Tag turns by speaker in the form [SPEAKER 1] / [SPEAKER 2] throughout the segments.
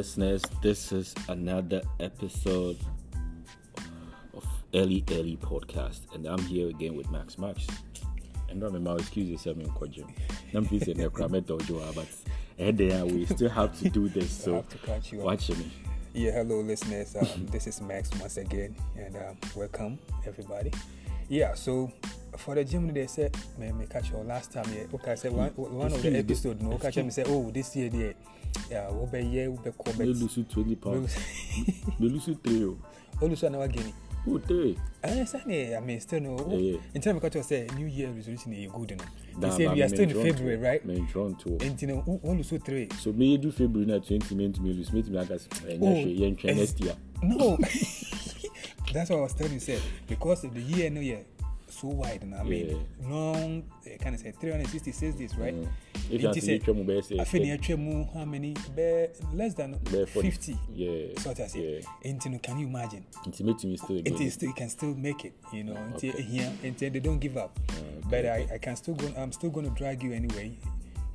[SPEAKER 1] listeners, this is another episode of Early Early Podcast, and I'm here again with Max Max. And remember, excuse yourself, I'm Kojim. I'm busy in but and then uh, we still have to do this, so watch me.
[SPEAKER 2] Yeah, hello, listeners. Um, this is Max once again, and um, welcome everybody. Yeah, so for the gym they said, man, me catch you last time. Yeah, okay, I said one, one of the episode. No, catch me say, oh, this year, yeah. wobɛyɛ wobɛkɔbɛlusu
[SPEAKER 1] twenty pounds melusu
[SPEAKER 2] three. o olusu anawa gini o 3 ɛɛ sani i mean still no nti na mi ka kyerɛ sɛ new year resolution yɛ good no they say we are still in february
[SPEAKER 1] right mɛntronto
[SPEAKER 2] nti na olusu 3
[SPEAKER 1] so meyɛ du february na 20 mɛntumi olusu mɛntumi aka sɛ ɛnyɛ hwɛ yɛntwɛ next year
[SPEAKER 2] no that's what i was telling you sɛ because the year no yɛ so wide. I mean, yeah. long, eh, can I say 360? Says this, right? Mm. If you say, I how many? Be, less than Be 50. Yeah. So I say, yeah. And, can you imagine?
[SPEAKER 1] It, make me still it is still,
[SPEAKER 2] you can still make it, you know, until okay. here, until they don't give up. Ah, okay. But I, I can still go, I'm still going to drag you anyway,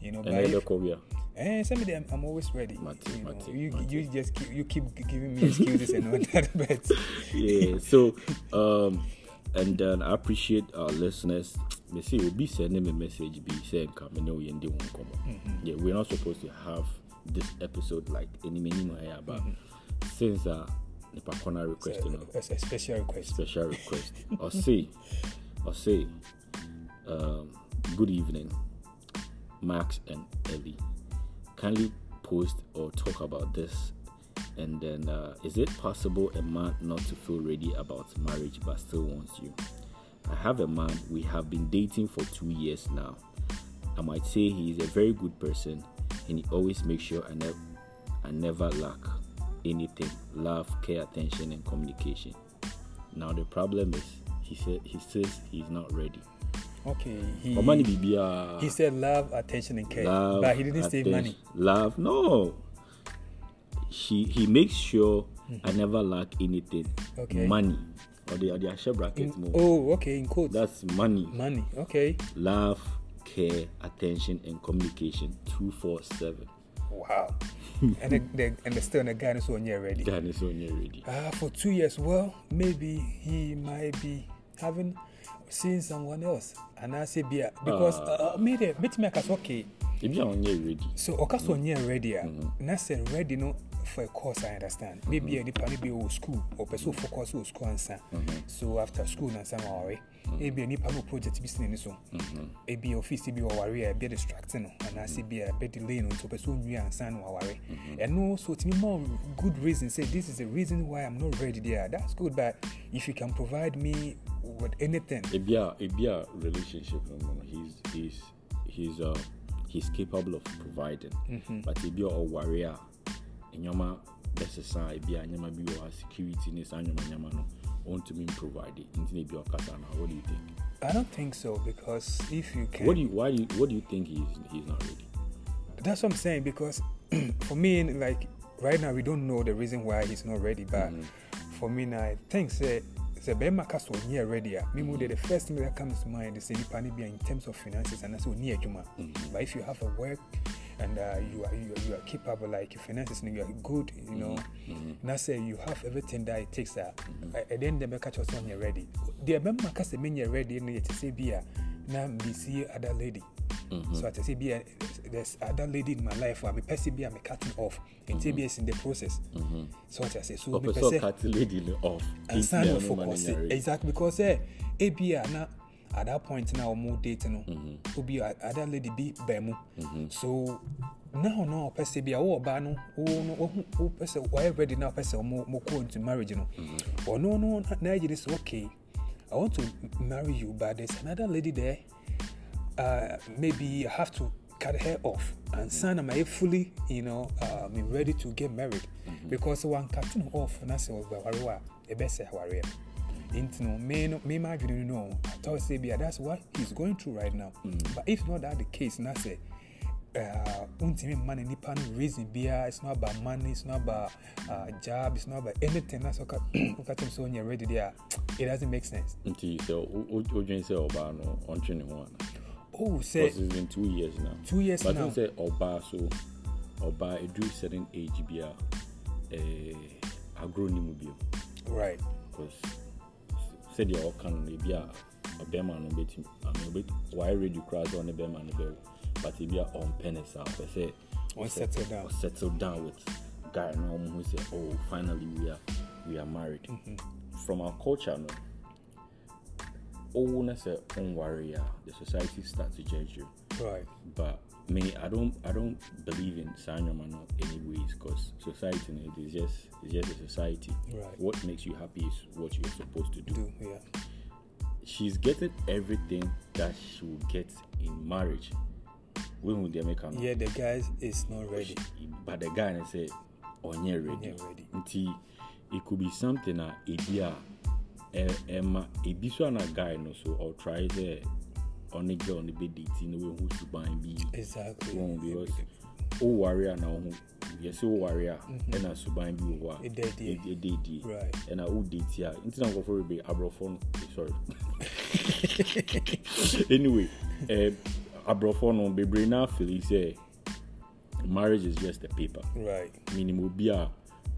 [SPEAKER 2] you know. Another career. Eh, some of them I'm always ready. Mate, you, know, you, mate. you just keep, you keep giving me excuses and all that, but
[SPEAKER 1] yeah. So, um, and then I appreciate our listeners. Me say you oh, be sending me message, be saying come know you won't come. Yeah, we're not supposed to have this episode like any minimum here, but mm-hmm. since uh the corner request, you know, a special request, special request. or say, or say, um, good evening, Max and Ellie. Kindly post or talk about this and then, uh, is it possible a man not to feel ready about marriage but still wants you? I have a man, we have been dating for two years now. I might say he is a very good person and he always makes sure I, ne- I never lack anything love, care, attention, and communication. Now, the problem is he, said, he says he's not ready.
[SPEAKER 2] Okay. He, uh, he, said love, attention, and care. Love, but he didn't say money.
[SPEAKER 1] Love, no. she he makes sure mm-hmm. I hmm. never lack anything. Okay. Money. Or the, or the share bracket in, more. Oh, okay, in quotes. That's money. Money, okay. Love, care, attention, and communication. 247.
[SPEAKER 2] Wow. and, they the, and the still the guy is one year ready. Guy is one year ready. Uh, ah, for two years, well, maybe he might be having seen someone else. And I say, beer. Because, ah. uh, uh, made it, bit me, okay. Ebi a ɔnyɛ ready. So okay, so ɔnyɛ ready a, mm-hmm. na say ready no for a course I understand. Maybe mm-hmm. nipa maybe or school or person focus or school answer. Mm-hmm. So after school na some worry. Mm-hmm. Maybe nipa no project bi sin so. Maybe office bi worry a bit distracting and I mm-hmm. see be a bit delay no to person nwi answer no worry. Mm-hmm. And no so to more good reason say this is the reason why I'm not ready there. That's good but if you can provide me with anything.
[SPEAKER 1] Maybe, a relationship no he's he's he's uh he's capable of providing. Mm-hmm. But if you're a warrior ah, ebi a bi wɔ ha security ne no provide ebi ɔkasa na what do you think.
[SPEAKER 2] I don't think so because if you can. What do you
[SPEAKER 1] why do you, what do you think he is he
[SPEAKER 2] is not ready? That's what I'm saying because for me like right now we don't know the reason why he's not ready but mm-hmm. for me now I think say sɛ bɛrima ka so ɔnyɛ ready a memu de the mm-hmm. first thing that comes to mind is sɛ nipa no in terms of finances anasɛ ɔni adwuma mm-hmm. but if you have a work and uh, you are you are, you are capable like finances you are good you know mm-hmm. and I say you have everything that it takes uh, mm-hmm. and then they catch us when you're ready the member cause the you're ready and you say be a now be see other lady Mm-hmm. So I say be a, there's other lady in my life I'm a person be I'm cutting off and mm-hmm. be in the process. Mm-hmm. So I say so me person
[SPEAKER 1] cutting lady off. And sign for
[SPEAKER 2] exactly because eh, ABA eh, now at that point now more dating no mm-hmm. obi other lady bi ba mu mhm. so now no pɛ sɛ bia wowɔ baa no wopɛ sɛ wayɛ ready na wopɛ sɛ mokɔ into marriage no ɔno mhm. no na agye de okay i want to marry you but there's another lady there uh, maybe i have to cut her off and mhm. son am I fully you know uh, ready to get married mm-hmm. because one cutting off na sɛ ɔbɛware a ɛbɛsɛ awareɛ no nti no me ma adwene no no i thought say bia that's what he's going through right now mm. but if not that the case na sɛ wontumi money no reason biara it's not about money it's not about uh, job it's not about anything na sɛ woka so when you're ready there, it doesn't make sense
[SPEAKER 1] So, what do you say, ɔbaa no ɔntwe ne ho ana oh sɛ it's been two years now two years but now but say Oba, so Oba, it do certain age bia eh, agorɔ ne mu right because sɛdeɛ ɔka no ebi a bɛrima no bɛtumi ame wayɛ radio koraa sɛ ɔne bɛrima no bɛwo but ebi a ɔmpɛ ne I say, sɛ ɔsettle down down with guy na ɔmo ho sɛ oh finally we are we are married mm-hmm. from our culture no owo na sɛ on warrior, the society start to judge you right but I mean, I don't, I don't believe in Sanyamano anyways, because society it is just, it's just a society. Right. What makes you happy is what you're supposed to do. do yeah. She's getting everything that she will get in marriage. When will they make her? Yeah,
[SPEAKER 2] the guy is not ready. She, but the
[SPEAKER 1] guy and say, "Onye ready." Onye ready. Until it could be something that idea. Ebia, uh, Emma, Ebiso and a guy, no so or try there. ɔne girl no bɛde ti na wɔahu suban bi wɔn because woware a na wo ho yɛsɛ woware a ɛna suban bi wɔ hɔ a ɛda die ɛna wode ti a nti na nkɔfoɔ rebe aborɔfoɔ no sorry anyway eh, aborɔfoɔ no bebree na afeli marriage is just a paper right. meaning obi a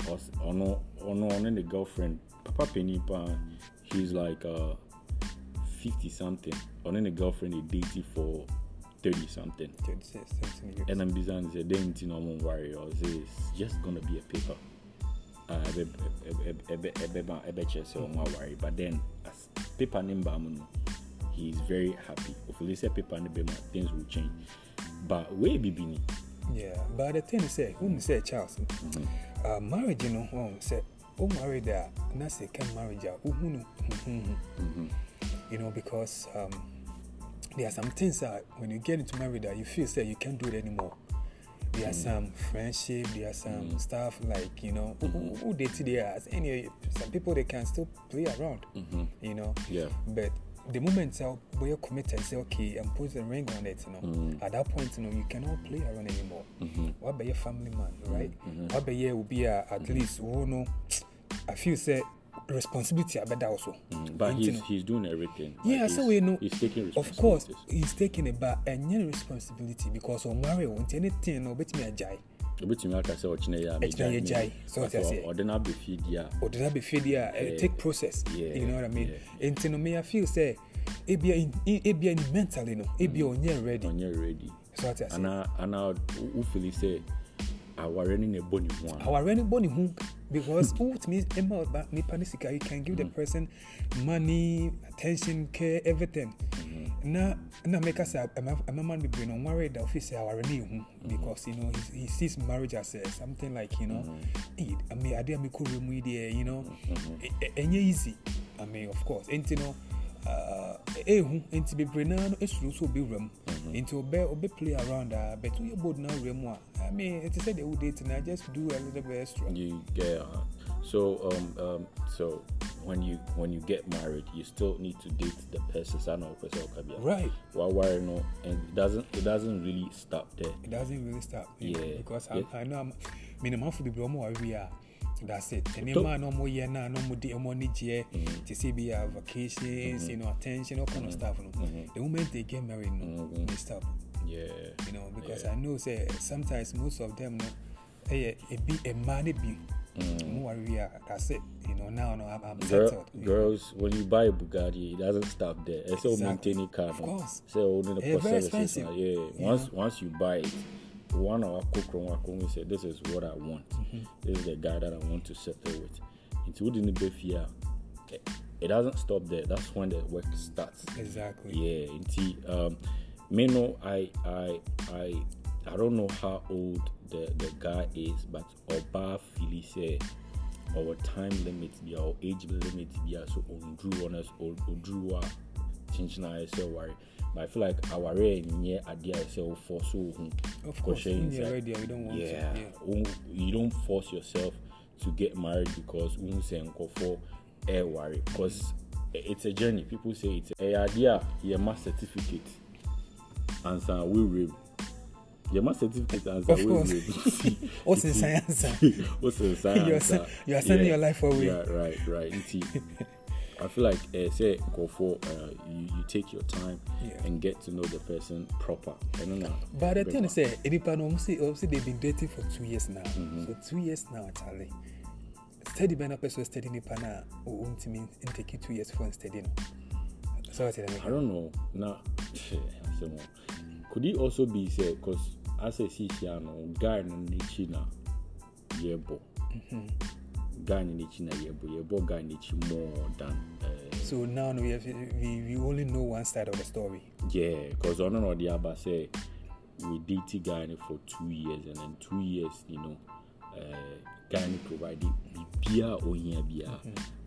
[SPEAKER 1] ɔno ɔno ne girlfriend papa panin paa he's like uh, 50 something or then a girlfriend they dated for 30 something 30 something years. and I'm bizarre and say then you know won't worry or say it's just gonna be a paper uh, worry but then as paper name he is very happy if you say paper things will change but way bibini
[SPEAKER 2] yeah but the thing is say when say Charles mm-hmm. uh, marriage you know oh, say oh married that that's a marriage ah, mm-hmm. Mm-hmm. you know, because um, there are some things that when you get into marriage that you feel say you can't do it anymore. There are mm. some friendship, there are some mm. stuff like you know who, who they today as any some people they can still play around, mm-hmm. you know. Yeah. But the moment you are committed, say okay, and put the ring on it, you know. Mm-hmm. At that point, you know, you cannot play around anymore. Mm-hmm. What about your family man, right? Mm-hmm. What about you will be a, uh, at mm-hmm. least, oh no, I feel say responsibility abeda also.
[SPEAKER 1] Mm, but he's, he's doing everything. Yeah, like so we know. He's taking Of
[SPEAKER 2] course, he's taking it, but any responsibility because on Mario, anything no bet me a jai.
[SPEAKER 1] obetumi aka sɛ ɔkyena yɛ amegyae ɔde no abɛfie di a ɔde no abɛfie di a take
[SPEAKER 2] process yeah, you know what i mean yeah. nti no meya feel sɛ ebia ebia ni mentally no ebia ɔnyɛ mm. ready ɔnyɛ ready so ate ase
[SPEAKER 1] ana ana
[SPEAKER 2] wofili sɛ
[SPEAKER 1] awareni ne bɔ ne ho a
[SPEAKER 2] awareni bɔ ne ho because wotumi ma nipa ne sika you can give mm. the person money attention care everything mm na na meka sɛ ɛmama no bebree no ɔnware da ofi sɛ aware ne ɛhu because you know he, he sees marriage as uh, something like you know ame mm-hmm. ade a mekɔwura mu yi deɛ you know ɛnyɛ mm -hmm. e, eh, e, eh, easy I mean, of course ɛnti no ehu eh, eh, nti bebree naa no esuru nso obewura mu mhm. nti play around ah, mu a i mean it is said ewu date na just do a little bit extra. you
[SPEAKER 1] get so um, um, so when you when you get married you still need to date the person sana o pese o kabia. right wa wari no and it doesn't it doesn't really stop there. it doesn't really stop. yeah, because yeah.
[SPEAKER 2] I, i know i'm minimum for bebree ɔmo wa wi ah. That's it. And you man no more year now, no more day, no more mm-hmm. year. To see be a vacations, mm-hmm. you know, attention, all kind of mm-hmm. stuff. You The moment they get married, no, mm-hmm. stop. Yeah. You know, because yeah. I know say sometimes most of them, no, hey, eh, eh, it be a man, it be. Mm. Warrior, that's it. You know, now no, I'm, I'm Girl, settled.
[SPEAKER 1] Girls, know. when you buy a Bugatti, it doesn't stop there. It's exactly. all maintaining car. Of course. It's all in the it's very uh, expensive. Yeah. yeah. Once once you buy it, one of akokoro akokoro say this is what i want mm-hmm. this is the guy that i want to settle with nti wo di ni bɛ eh, it doesn't stop there that's when the work starts exactly yeah nti um, me no i i i i don't know how old the the guy is but ọba fili say our time limit be our age limit bia so on us, old a. kyinkyin a ɛsɛ ɔware but I feel like aware nye adeɛ a ɛsɛ ɔfɔ so ohun kɔhyɛ inside yeah you don't force yourself to get married because ohun sɛ nkɔfɔ ɛware e because it's a journey people say it's ɛyɛ adeɛ a yɛ ma certificate ansa wewere mu your master certificate and answer of course what's in science what's in science you are sending yeah. your life away yeah right right I feel like uh, say go for uh, you, you take your time yeah. and get to know the person proper. I don't know. But the thing is, say
[SPEAKER 2] eh, obviously, obviously they've been dating for two years now. Mm-hmm. So two years now, Charlie. Steady by now, person steady nipa na untimi in take two years for steady no. So I mean? I
[SPEAKER 1] don't know. Now, could it also be say because as a Sicilian guy no nichi na yebo. Mm-hmm. Ghana in China, yɛbɔ Ghana in more than.
[SPEAKER 2] Uh, so now we, have, we we only know one side of the story.
[SPEAKER 1] Yeah, because on or the other say we dated Ghana for two years, and then two years, you know, uh, Ghana provided bibia ohia bia,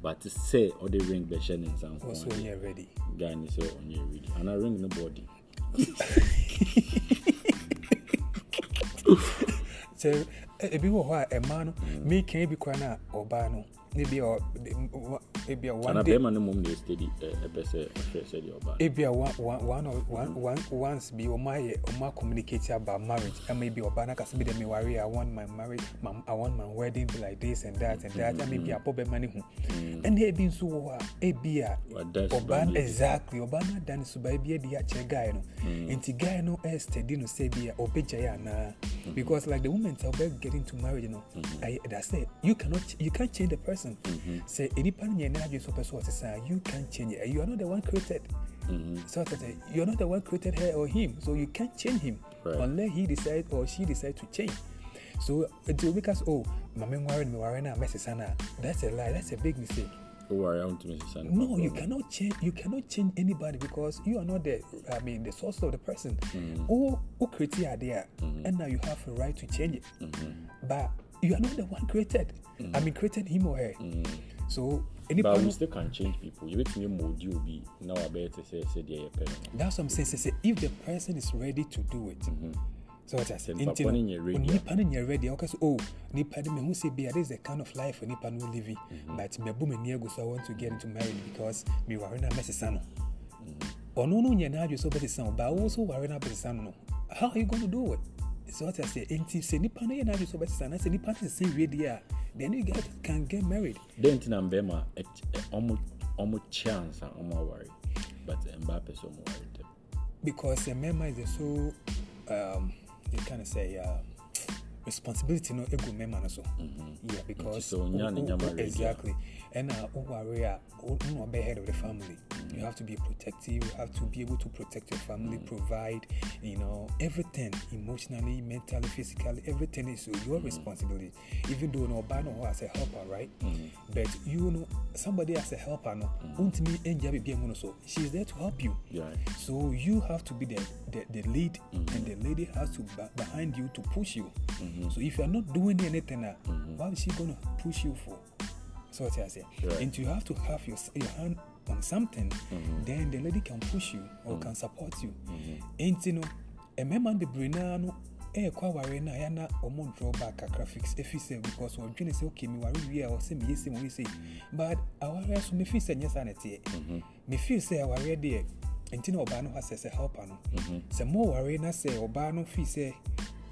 [SPEAKER 1] but say or the ring version in some. Also, you're ready. Ghana so on your ready, and I ring nobody.
[SPEAKER 2] so ebi wɔ hɔ a ɛmaa no mekan mm. bi kwan a ɔbaa no ebinabɛrima
[SPEAKER 1] no mmom deɛ stadi ɛpɛ sɛ ɔhwɛ sɛdeɛ ɔba ebia
[SPEAKER 2] once bi ɔma yɛ ɔma communicate about marriage ɛma ebi ɔba na kasa bi dɛ meware i want my marriage my, i want my wedding be like this and that and that ɛma ebi abɔ bɛrima no ho ɛna ebi nso wɔ hɔ a ebi a ɔba exactly ɔba no ada ne suba ebi adi akyerɛ guy no mm. nti guy no ɛyɛ eh, steady no sɛ ebi a ɔbɛgya yɛ anaa because like the woman sɛ ɔbɛ get into marriage no ɛyɛ mm-hmm. that's it you cannot you can't change the person person. Mm-hmm. Say, sir, you can't change it. You are not the one created. Mm-hmm. So you are not the one created her or him, so you can't change him right. unless he decide or she decide to change. So it will make us oh, mame worried me worried na ah, sana. That's a lie. That's a big mistake.
[SPEAKER 1] No, you
[SPEAKER 2] cannot change. You cannot change anybody because you are not the. I mean, the source of the person. Mm-hmm. Oh, who created idea, mm-hmm. and now you have a right to change it. Mm-hmm. But you are not the one created. Mm. I mean, created him or her. Mm. So,
[SPEAKER 1] any but we still can change people. You make me mold you be now. I better say, say, dear,
[SPEAKER 2] that's what I'm saying. Say, say, if the person is ready to do it. Mm-hmm. So what I said, nti no onipa no ready a wɔka sɛ o nipa no mehu sɛ bia this is the kind of life when no living mm-hmm. but mabu m'ani agu so I want to get into marriage because me, no a mɛsesa no ɔno no nyɛ n'adwe sɛ wobɛsesa wo baa wo so ware no abɛsesa no no how are you going to do it so what I say, and if say nipa na yena so best and I say nipa is same ready here, then you guys can get married. Don't na mbema
[SPEAKER 1] almost almost chance and almost worry, but Mbappe is almost worried.
[SPEAKER 2] Because eh, Mbema is so um, you kind of say uh, responsibility no egu mmarima no so mm-hmm. yeah because exactly ɛna woware a na ɔbɛ head of the family mm-hmm. you have to be protective you have to be able to protect your family mm-hmm. provide you know everything emotionally mentally physically everything is your responsibility even though no ɔbaa no hɔ as a helper right but you know somebody as a helper no wontumi ɛngya biribi mu no so she is there to help you so you have to be the, the, the lead and the lady has to be behind you to push you Mm-hmm. So if you are not doing anything, uh, mm -hmm. what is she going to push you for? So what I say. Right. And you have to have your, your hand on something, mm-hmm. then the lady can push you or mm-hmm. can support you. And you know, a man the naa no ɛrekɔ eh, awaare no a yɛna wɔn drawback kakra fix ɛfi eh, sɛ eh, because wɔdwene sɛ okay wia wie a wɔsɛ meyɛ mo meyɛ sɛ but awaare so mefi sɛ nyɛ saa na teɛ mefi sɛ awaare deɛ nti na ɔbaa no ha sɛ sɛ help ano. sɛ mo ware na sɛ ɔbaa no fi sɛ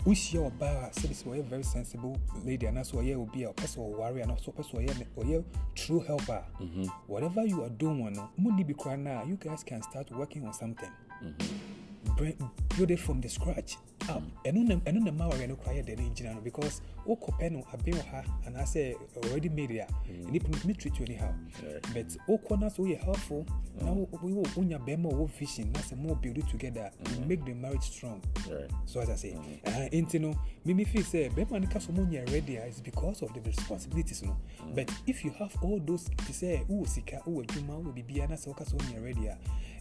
[SPEAKER 2] wohyia ɔbaa a sɛde sɛ ɔyɛ very sensible lady anaasɛ ɔyɛ obi a ɔpɛ sɛ ɔware anaasɛ ɔpɛ sɛ ɔyɛ ɔyɛ true helper a mm -hmm. whatever you are doing no mu ni bi koraa you guys can start working on something mm -hmm build it from the scratch up ɛno nam ɛno nam awareɛ no kora yɛ dɛn ngyina no because wokɔpɛ no abe wɔ ha anaasɛ already made a nnipa no tumi treat you anyhow but wokɔ na so woyɛ helpful na wonya bɛrima wɔ vision na sɛ mowɔ build it together you make the marriage strong so as i say ɛha enti no mimi feel sɛ bɛrima no ka so monyɛ ready a is because of the responsibilities no but if you have all those te sɛ wowɔ sika wowɔ adwuma wowɔ biribiaa na sɛ woka so wonyɛ ready a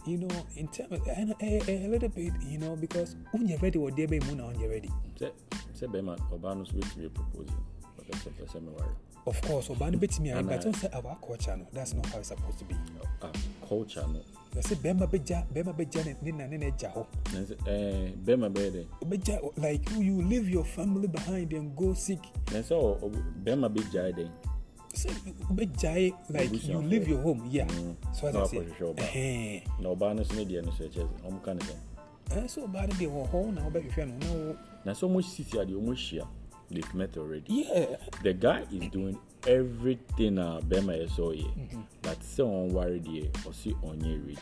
[SPEAKER 2] you know in term ɛyɛ a little it you know because wonyɛ ready wɔ deɛ bɛyi mu na wonyɛ ready
[SPEAKER 1] say Bema bɛrima ɔbaa no proposing, bɛtumi propose ɔkɛsɛ pɛsɛ me ware
[SPEAKER 2] of course ɔbaa no bɛtumi ayɛ but say our culture no that's not how it's supposed to be our culture no sɛ bɛrima Bema bɛrima bɛgya ne na ne na agya hɔ
[SPEAKER 1] bɛrima bɛyɛ dɛ
[SPEAKER 2] bɛgya like you, leave your family behind and go seek.
[SPEAKER 1] sick na sɛ bɛrima bɛgyae dɛn
[SPEAKER 2] sɛ wobɛgyae like you leave your home
[SPEAKER 1] yeah mm. so as i say na ɔbaa no so ne the no so ɛkyɛ sɛ ɔmka ne
[SPEAKER 2] ɛnso eh, ɔbaa no deɛ wɔ hɔ na wobɛhwehwɛ no na wo
[SPEAKER 1] na sɛ ɔmo sisi adeɛ ɔmo hyia they've met already yeah. the guy is doing everything uh, a bɛrima yɛ sɛ ɔyɛ but sɛ ɔnware deɛ ɔse ɔnyɛ ready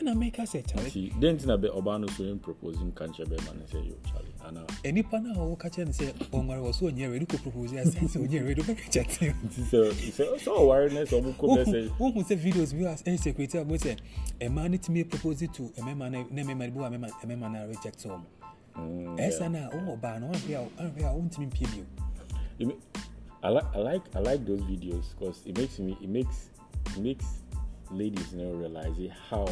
[SPEAKER 2] ɛna mɛka sɛ kyale
[SPEAKER 1] dɛn nti na bɛ ɔbaa no so yɛ proposing ka nkyɛ bɛma no sɛ yɛ kyale ana
[SPEAKER 2] ɛnipa no a wɔwɔ ka kyerɛ no sɛ ɔnware wɔ so ɔnyɛ wɛde kɔ propose a sɛ sɛ ɔnyɛ wɛde wobɛka kyɛ te sɛ
[SPEAKER 1] ɔware no sɛ
[SPEAKER 2] ɔmokɔ bɛ sɛ wohu sɛ videos bi a ɛnsecurity a bo sɛ ɛmaa no tumi propose to ɛmɛma no na mɛma no bi wɔ ɛmɛma no a reject ɔ mo ɛsa no a wowɔ ɔbaa no ɔnhwɛ a wontumi mpie
[SPEAKER 1] bio I like, I like I like those videos because it makes me it makes it makes ladies you know realize how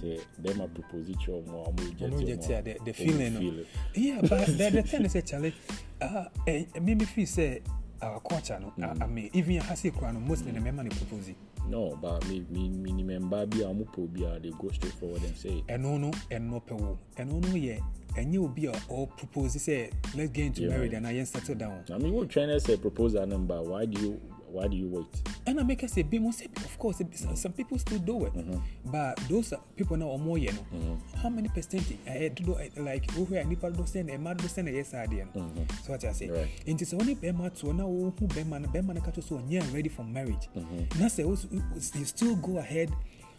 [SPEAKER 1] say them a proposition more I'm rejecting more the, the feeling feel
[SPEAKER 2] yeah but the, the thing is actually uh eh, maybe you say our uh, culture no mm. I, I mm. mean even a hasi kura no mostly the mm. member propose
[SPEAKER 1] no but me me me ni member bi a mupo bi a uh, they go straight forward and say
[SPEAKER 2] And no no, ɛno pɛ wo and no no, yeah, and you obi a uh, all propose Say let's get into yeah. marriage and I yɛn settle down.
[SPEAKER 1] I mean, what China say proposal number? Why do you Why do you wait?
[SPEAKER 2] And I make us say, "Bimo," of course, some people still do it, mm-hmm. but those people now are more, you know. Mm-hmm. How many percentage? I do like who are nipa do send a mad do send a yes did. Mm-hmm. So what I say. Right. And it's only bema to now who bema na bema na kato so near ready for marriage. Mm-hmm. Now say you still go ahead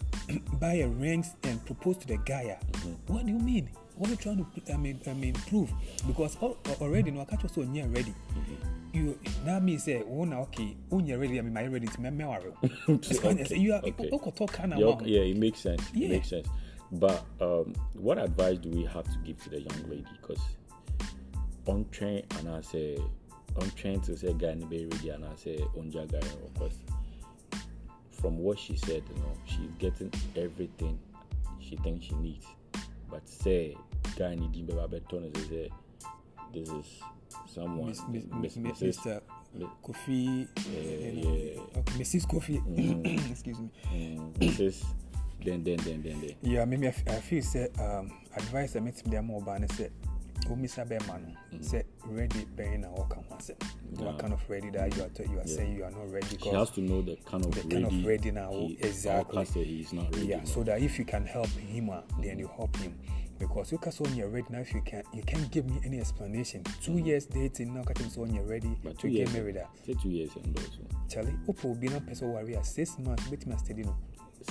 [SPEAKER 2] buy a ring and propose to the guy. Mm-hmm. What do you mean? What are you trying to I mean I mean prove? Because already no I catch also near ready. Mm-hmm. you eh, oh, now oh, me say oh na okay when you're ready I mean my ready to me marry. okay. You are okay. talk kind of
[SPEAKER 1] Yeah, it makes sense. Yeah. It makes sense. But um, what advice do we have to give to the young lady? Because on train and I say on train to say guy be ready and I say on guy of course. From what she said, you know, she's getting everything she thinks she needs. But say guy need him baby turn say this is someone Miss, Miss, Miss, Miss, Mr.
[SPEAKER 2] Kofi, yeah, you know, yeah. Mrs. Kofi, mm. excuse me,
[SPEAKER 1] mm. Mrs. then, then, then, then, then. Yeah,
[SPEAKER 2] maybe I, feel say um, advice I meet them more about say omisa oh, bɛ ma mm. no say ready bɛyɛ na wɔka say? asɛm what kind of ready that you are, t- you are yeah. saying you are not ready because he has
[SPEAKER 1] to know the kind of, the kind ready, of ready now he, exactly
[SPEAKER 2] he is not ready yeah now. so that if you can help him uh, then mm. you help him because you can so you're ready now if you can you can't give me any explanation two mm. years dating now catching so you're ready but two to get married say two years and also charlie upo be not person worry six months with my steady no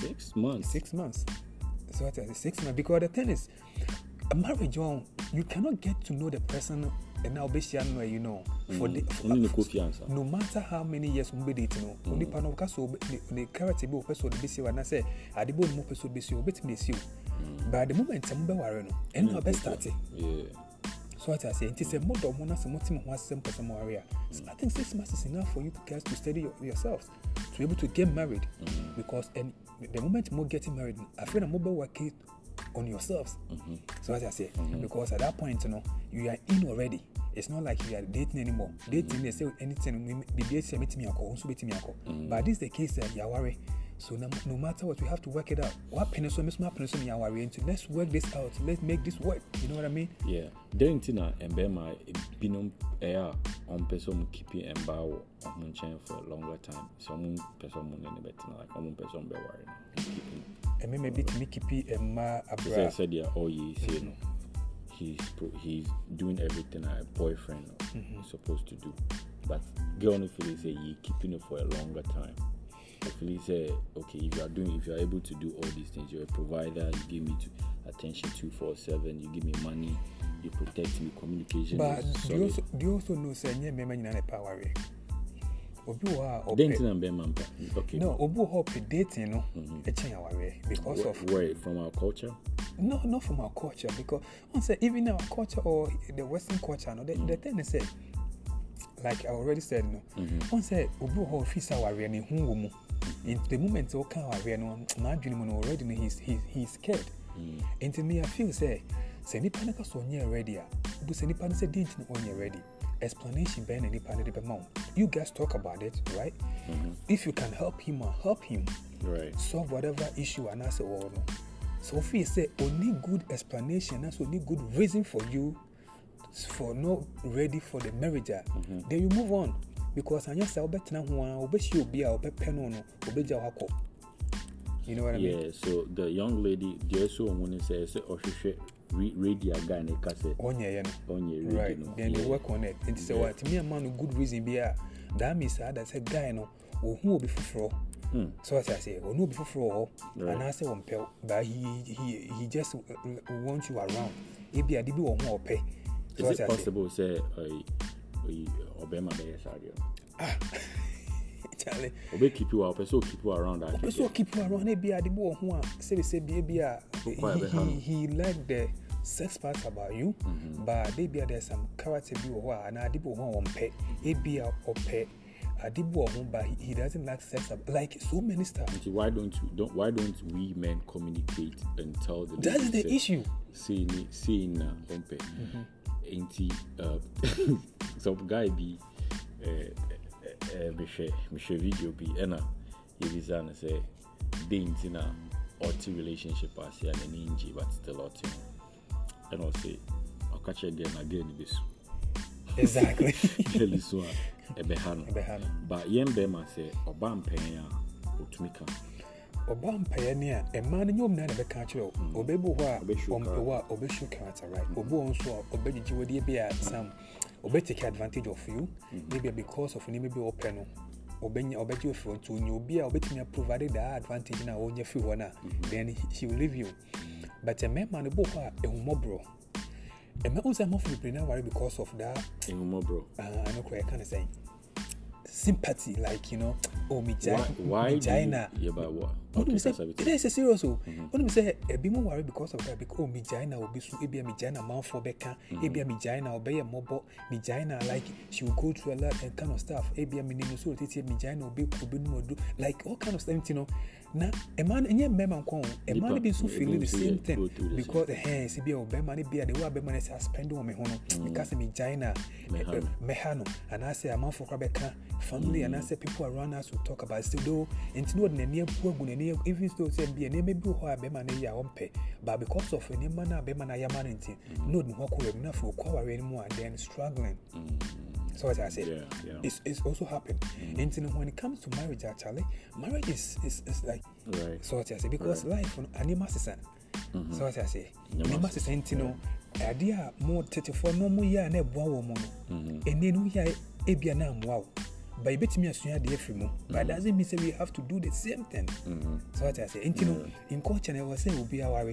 [SPEAKER 2] six months six months so what is six months because the thing is a marriage on you cannot get to know the person and now be where you know
[SPEAKER 1] for mm. the for, mm. for, for,
[SPEAKER 2] no matter how many years we be dating no onipa mm. no ka so the character be person be see when i say adibo mo person be see obetimi see by the moment sɛ mobɛware no ɛno na ɔbɛstarte so what I say, it is a mode of monas and motim one simple some area. So I think six months is enough for you guys to study your, yourselves to be able to get married mm-hmm. because and the moment more getting married, I feel a mobile working on yourselves. Mm-hmm. So what I say, mm-hmm. because at that point, you know, you are in already. It's not like you are dating anymore. Mm-hmm. Dating, they say anything, be dating, meet me, also meet me. Mm-hmm. But this the case that you are worried. So no, no, matter what, we have to work it out. What penisum is my penisum you are into? Let's work this out. Let's make this work. You know what I mean?
[SPEAKER 1] Yeah. During Tina and Bema, binum air on person keeping and bow on chain for a longer time. Some person in the better, like on person be worrying.
[SPEAKER 2] And maybe to me keep and my. abra. I said, yeah, Oh ye say no.
[SPEAKER 1] He's he's doing everything a boyfriend mm-hmm. is supposed to do, but girl, no feeling say you keeping it for a longer time. actually say, okay, if you are doing, if you are able to do all these things, you're a provider, you give me to, attention 247, you give me money, you protect me, communication. But do you, also,
[SPEAKER 2] do you also know, sir, you're power. obi wɔ dating
[SPEAKER 1] and bɛn okay no obi
[SPEAKER 2] wɔ hɔ pɛ dating no ɛkyɛn mm-hmm. e awareɛ because of
[SPEAKER 1] where from our culture
[SPEAKER 2] no not from our culture because on say even our culture or the western culture no the, mm. the thing is say like I already said no mm-hmm. wọn sɛ obi wɔ hɔ ɔfisa awareɛ no ehu wɔ mu the moment ɔka awareɛ no n'adwene mu no already no he is he is scared nti mi a feel sɛ sɛ nipa no ka so ready a obi sɛ nipa no sɛ di nti na ready explanation bɛyɛ na nipa no de bɛ you guys talk about it right mm -hmm. if you can help him or help him right. solve whatever issue anaasɛ wɔwɔ no so feel sɛ oni good explanation na so oni good reason for you for not ready for the marriage mm -hmm. then you move on because anyɛ sɛ wobɛtena ho a wobɛhyɛ obi a wobɛpɛ no no wobɛgya wakɔ
[SPEAKER 1] You know what I mean? Yeah, so the young lady, just so when say, say, oh, she, read your guy, and say, onye, yeah, onye, right. No. Then yeah. they work on it. And yeah. say, what, to
[SPEAKER 2] me, a man, good reason be a that means that said, guy, no, or who will be for Hmm. So as I say, or no before for right. and I say, but he, he, he just uh, uh, wants you around. If you are the one who pay. Is it possible
[SPEAKER 1] say Obama be Sadio? Ah. Charlie. Obe keep you up, so keep you
[SPEAKER 2] around that. So keep you around ebi adibo ho a say be say be a he he like the sex part about you, mm -hmm. but a there some character bi ho a na adibo ho on pe ebi a ope he, doesn't like sex Like so many stuff.
[SPEAKER 1] Why don't you don't why don't we men communicate and tell the That's the issue. See, seeing na ompe. Ain't some guy be mehwɛ mehwɛ video be ɛna yɛbisa no sɛ de nti na ɔte relationship ase a n'ani but still I'll ɛna ɔse again again deɛ na exactly kelly so a ɛbɛ ha no ɛbɛ but yɛn bɛrima sɛ ɔbaa mpanyin a otumi
[SPEAKER 2] ka ɔbaa mpaeɛ ne a ɛmaa no nyɛ ɔmnaa na ɛbɛka akyerɛ wo ɔbɛbu hɔ a ɔmpɛ wɔ a ɔbɛhyew character right ɔbu hmm. wɔ nso a ɔbɛgyegye wadeɛ bi a sam ɔbɛtake advantage of you ne hmm. bia because of nneɛma bi ɔpɛ no ɔbɛnya ɔbɛgye wo firi nti ɔnya obi a ɔbɛtumi aprovide daa advantage no a ɔnya firi hɔ hmm. no then he will leave you but ɛmɛma no bu hɔ a ɛhumɔborɔ And my own Philippine worry because of that. Anymore, bro. Uh, I know I kind of saying sympathy, like you know, oh, me China. Why? why me China. You, what? do you say? It is a serious. What do you say? A bit more worry because of that. Because oh, me China will be so. Maybe a me China man for Becca. Maybe a me China will be a mobile. Me China like she will go through a lot of kind of stuff. Maybe a me name so. Maybe me China will be will be no do like all kind of stuff. You know na mmaa no nyɛ mmarima nko o mmaa no bi nso feel the same thing because ɛhɛn eh, si bi a ɔbɛrima no bi a de wo a bɛrima no sɛ aspend wɔ me ho no meka mm. sɛ megyae eh, no a eh, mɛha no anaasɛ amanfoɔ kora bɛka family mm. anaasɛ people around us will talk about still though nti no ɔde n'ani apu agu n'ani even though sɛ bia nneɛma bi wɔ hɔ a bɛrima no yɛ a ɔmpɛ but because of nneɛma no a bɛrima no ayɛ ama no nti mm. na ɔde ne ho akɔ wɔ mu na afei ɔkɔ awareɛ no mu a then struggling mm -hmm. So what I said, yeah, yeah. It's, it's also happened. Mm-hmm. And you know, when it comes to marriage, actually, marriage is is, is like right. so what I say because right. life on anima sisan. Mm-hmm. So what I say, anima sisan, you know, idea more thirty four no more year ne bua wo mo no. Mm-hmm. And then we here ebia na amwa but yɛbɛtumi e asua adeɛ firi mu but mm-hmm. doesn't mean say we have to do the same thing mm-hmm. so what I say And nti no in culture na ɛwɔ sɛ be aware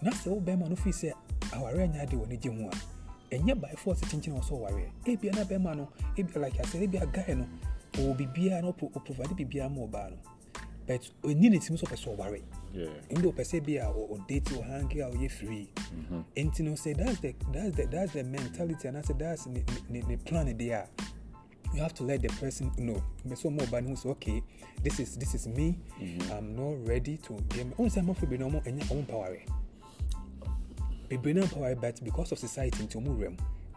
[SPEAKER 2] na sɛ wo bɛrima no firi sɛ aware anya ade wɔ ne gye ho a ɛnyɛ by force kyenkyen wɔ sɛ ɔwareɛ ebia na bɛrima no ebia like asɛ ebia guy no ɔwɔ no. na ɔprovide biribiara ma ɔbaa no but ɔni ne tirim sɛ ɔpɛ sɛ ɔware ɛnde ɔpɛ sɛ bi a ɔdate ɔhanke a ɔyɛ free ɛnti mm-hmm. no sɛ that's the that's the that's the mentality anaasɛ that's ne ne ne plan de a you have to let the person know So ọmọ ọba ni wọn sọ okay this is this is me mm -hmm. i'm not ready to get my own sẹ ẹ máa fọ ibi náà ọmọ ẹnyẹ power bebree na mpawa but because of society nti ɔmo wura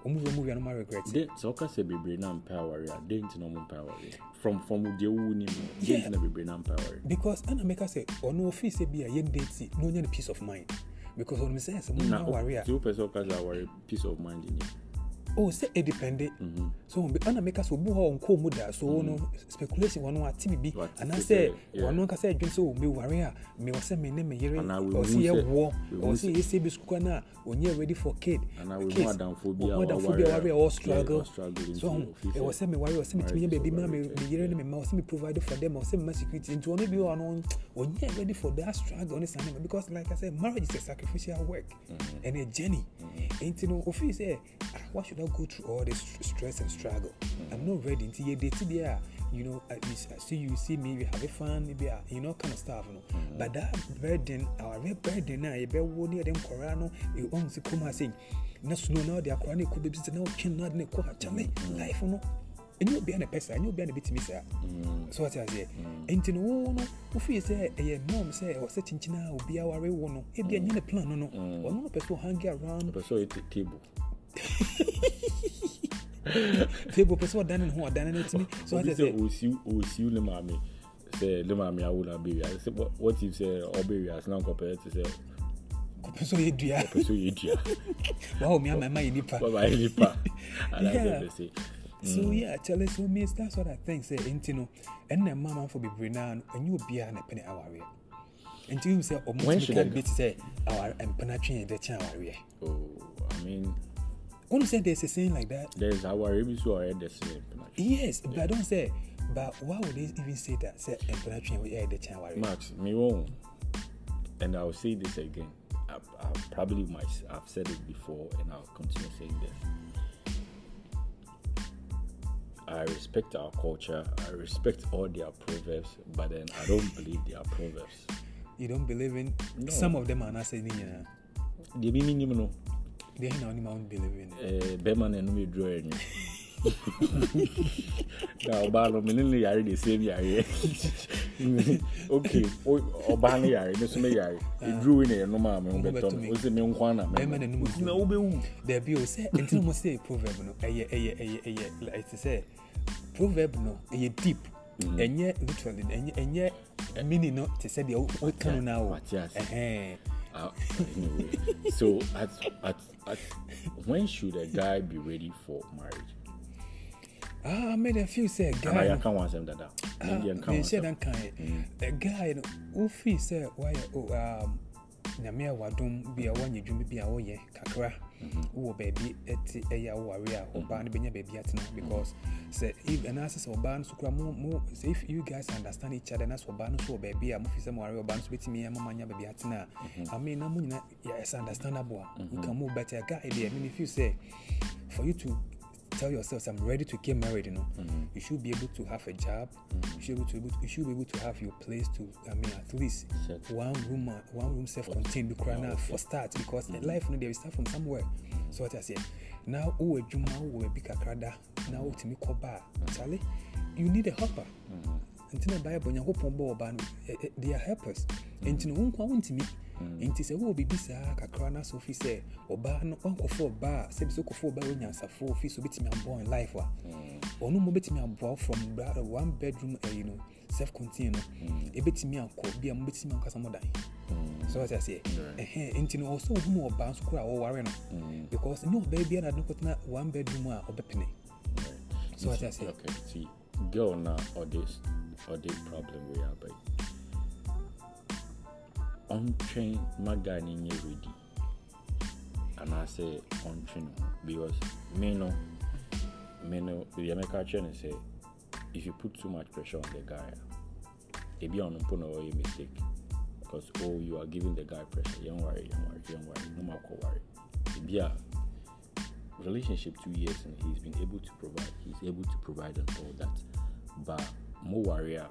[SPEAKER 2] mu ɔmo wia no ma regret. de
[SPEAKER 1] sɛ ɔka sɛ bebree na mpa awari a de nti na ɔmo mpa awari from from deɛ owu ni mu de nti na bebree na mpa awari.
[SPEAKER 2] because ɛna mɛka sɛ ɔno ofi sɛ bi a yɛn de ti na onye peace of mind because ɔno sɛ sɛ mo na awari a. na o ti o
[SPEAKER 1] pɛ sɛ ɔka sɛ awari peace of mind ni
[SPEAKER 2] oh sɛ ɛdepende mhm. so ɔna meka sɛ obi hɔ ɔnkɔɔ mu da so mhm. no speculation wɔ no ate biribi anaasɛ wɔno nka sɛ adwene sɛ ɔmɛware oh, a mewɔ sɛ me ne me yere ɔse yɛwoɔ ɔwɔ sɛ yɛsie bi sukuka no a ɔnyɛ ready for kid adamfo bi a ware a ɔwɔ struggle so ɛwɔ sɛ meware ɔsɛ metumi nya baabi ma me yere ne me ma ɔsɛ me provide for them ɔsɛ mema security nti ɔno bi hɔ no ɔnyɛ ready for that struggle ne saa nema because like I said marriage is a sacrificial work mm -hmm. and a journey mhm. nti no ɔfii sɛ ah why should I not go through all this stress and struggle. I'm not ready. Until your day there. you know, I, see you, see me, we have a fun, maybe I, you know, kind of stuff. You know? mm-hmm. But that burden, our burden, now, you better warn them, Corano, you e own the Kuma saying, National now, they are chronic, could be now, can not make life, you know. ɛnyɛ e obia na pɛsa ɛnyɛ obia na bɛtumi saa mm-hmm. so what wate aseɛ ɛnti no wo no wofie sɛ ɛyɛ mom sɛ ɛwɔ sɛ kyenkyena a obia ware wo no ebia mm-hmm. nyɛ ne plan no no ɔno mm-hmm. no pɛ sɛ
[SPEAKER 1] a table febo
[SPEAKER 2] pɛ sɛ ɔdane ne ho ɔdane no tumi sɛ
[SPEAKER 1] ne maame sɛ ne maame awo na bɛ sɛ ɔbɛ wiase na nkɔpɛ te sɛ kɔpɛ so mm.
[SPEAKER 2] yeah kyɛlɛ so means that's what i think sɛ nti no ɛnna ɛma amanfo bebree naa no ɛnyɛ obiara na pɛne awareɛ nti yi sɛ ɔmo tumi kan bi te sɛ aware mpɛnatwe yɛ oh i mean When say there's a saying like that,
[SPEAKER 1] there's our rebisu or the same.
[SPEAKER 2] Yes, yeah. but I don't say. But why would they even say that? Say empenatrin eh, we the chain
[SPEAKER 1] Max, me wrong. And I'll say this again. I, I probably might I've said it before, and I'll continue saying this. I respect our culture. I respect all their proverbs, but then I don't believe
[SPEAKER 2] their proverbs. You don't believe in no. some of them are not saying. Yeah. They mean no. deɛ na wonim a wo delivery
[SPEAKER 1] no bɛma no ɛnom ɛduro ani na ɔbaa no mene no yare de sɛm yareɛ ok ɔbaa no yare me so me yare ɛduro wei na yɛnom a me ho bɛtɔ no wo sɛ me nkwa na
[SPEAKER 2] mena wobɛwu daabio sɛ ɛntino mu sɛ proverb no ɛyɛ ɛyɛ ɛyɛ ɛyɛ ɛte sɛ proverb no ɛyɛ deep ɛnyɛ mm. literally ɛnyɛ ɛnyɛ mini no te sɛ deɛ woka no no a wo
[SPEAKER 1] anyway, uh, so at, at, at when should a guy be ready for marriage?
[SPEAKER 2] Ah, I made a few say a ah, guy. I can't want ah, them that. Ah, they said I can't. A guy, who feels say why? Oh, um, nyame a wadom bi a wɔnyɛ dwuma bi a wɔyɛ kakra wowɔ baabi ɛte ɛyɛ a a ɔbaa no bɛnya baabi atena because sɛ anaasɛ sɛ ɔbaa no so kora sɛ if you guys understand each other na sɛ ɔbaa no so wɔ baabi a mofi sɛ moware ɔbaa no so bɛtumi ama ma nya baabi atena a ame mhm. na mo nyina yɛsɛ understandable a mhm. you can better guy deɛ mene feel sɛ for you to tell yourself I'm ready to get married, you know, mm-hmm. you should be able to have a job. Mm-hmm. You should be able to, able to, you should be able to have your place to. I mean, at least sure. one room, uh, one room self-contained. because right now for start because mm-hmm. life, you know, they will start from somewhere. Mm-hmm. So what I said, now who a juma, who a big now to me mm-hmm. Charlie, you need a helper. Mm-hmm nti na bible nyankopɔn bɔ ɔba no they are helpers nti no wonkwa timi, mm. nti sɛ wowɔ biribi saa kakra no asɛ ofi sɛ ɔbaa no wankɔfo ɔbaa sɛ bi sɛ wokɔfo ɔbaa wonyansafo ofi so wobɛtumi aboa in life wa. Mm. ɔno mu wobɛtumi aboa from one bedroom ayi no self mm. contained. no ɛbɛtumi akɔ bi a mobɛtumi ankasa mo dan so ɔte aseɛ ɛhɛ nti no ɔsɛ wohunu ɔbaa nso kora a no because ne ɔbaa biara de no kɔtena one bedroom a ɔbɛpene
[SPEAKER 1] so ɔte aseɛ girl na all this all this problem we are by untrain. ma guy no nyɛ ready anaasɛ ɔntwe no ho because me no me no The American mɛka kyerɛ no if you put too much pressure on the guy ebi a ɔno mpo na ɔyɛ mistake because oh you are giving the guy pressure Don't worry, don't worry, don't worry. no ma kɔ ware ebi a relationship two years and he's been able to provide. He's able to provide and all that. But more warrior,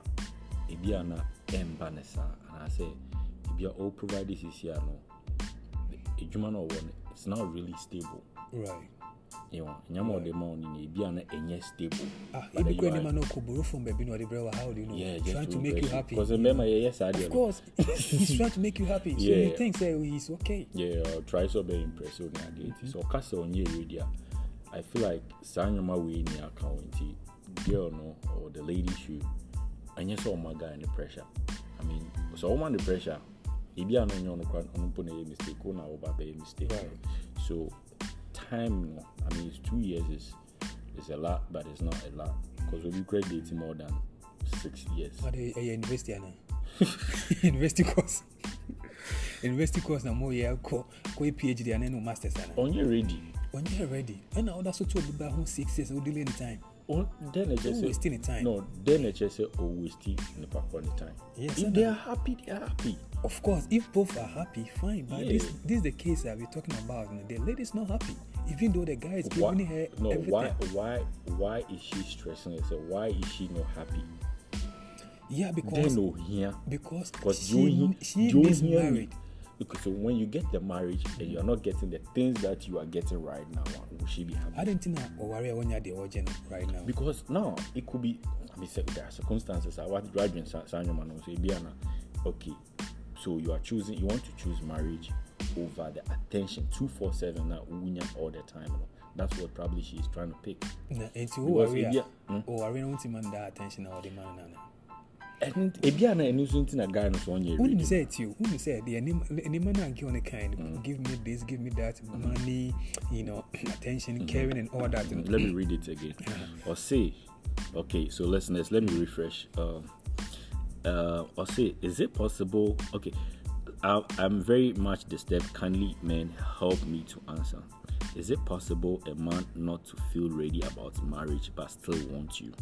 [SPEAKER 1] ebi ana emba ne saa anaasɛ ebi a ɔwɔ provide sisi ano, edwuma na ɔwɔ no it's not really stable. Right. ewa nyama ɔde ma ɔne na ebi ana ɛnyɛ stable. ah ebi kura
[SPEAKER 2] nneɛma náà kò boro fún bẹẹbi náà ɔde brɛ wa how do you know. yeah trying to make you happy. kɔsɛ mɛma yɛ yɛ saa deɛ. of course he's trying to make you happy. so yeah. you think say oh, he's okay.
[SPEAKER 1] yeah ɔ try so bɛ impress o ni adi eti so ɔka sɛ ɔnyɛ ewe dia i feel like saa nyama wei ni aka wɔn girl no or the lady should ɛnyɛ sɛ ɔma guy ni pressure i mean sɛ ɔma ni pressure ebi ana ɔnyɛ ɔno kora ɔno mpo na ɛyɛ mistake ɔna ɔba bɛyɛ mistake. Right. so time, I mean, it's two years is is a lot, but it's not a lot because we'll be graduating more than six
[SPEAKER 2] years. But are eh, you eh, university eh, now? university course. university course na mo yɛ co kɔ phd anɛ no masters When you're ready. when you're ready ɛna ɔda so tí o be back home six years o delay ne time. o den na kyerɛ sɛ
[SPEAKER 1] time. no den na kyerɛ sɛ o waste nipa kɔ ne time. yes if they
[SPEAKER 2] are happy they are happy. Of course, if both are happy, fine. But yeah. this this is the case that we're talking about. You know, the lady's not happy, even though the guy is giving why, her no, everything. Why
[SPEAKER 1] why why is she stressing herself? Why is she not happy?
[SPEAKER 2] Yeah, because no here. Because, because she, she, she is married.
[SPEAKER 1] Because so when you get the marriage and you are not getting the things that you are getting right now, ah, will she be happy? I don't think I worry when you're the origin right now. Because now it could be, I mean, there are circumstances. I was graduating, so okay, So you are choosing, you want to choose marriage over the attention 247 na unya all the time. That's what probably she is trying to pick. Na enti are we?
[SPEAKER 2] Oh, are we not demand that attention all the man na na. na ɛno nso nti na guy no so ɔnyɛ wonim sɛ ɛti o wonim sɛ deɛ nneɛma no anke ɔne kae no give me this give me that hmm. money you know attention hmm. caring and all that hmm. let me
[SPEAKER 1] read it again Or say, okay so listeners let me refresh um, uh, or say, is it possible? Okay, I, I'm very much disturbed. Kindly, men, help me to answer. Is it possible a man not to feel ready about marriage but still want you?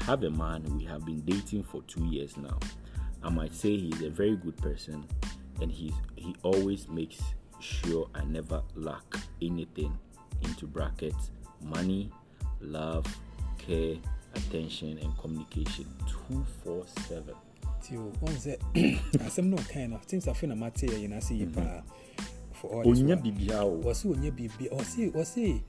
[SPEAKER 1] I have a man we have been dating for two years now. I might say he's a very good person and he's he always makes sure I never lack anything into brackets money, love, care, attention and communication 247
[SPEAKER 2] nti ɔhu sɛ asɛm no ɔkae no tim sɛ afei na mateɛ yɛ you yi paa ɔnya biribiaa o ɔse ɔnya biribia ɔse ɔse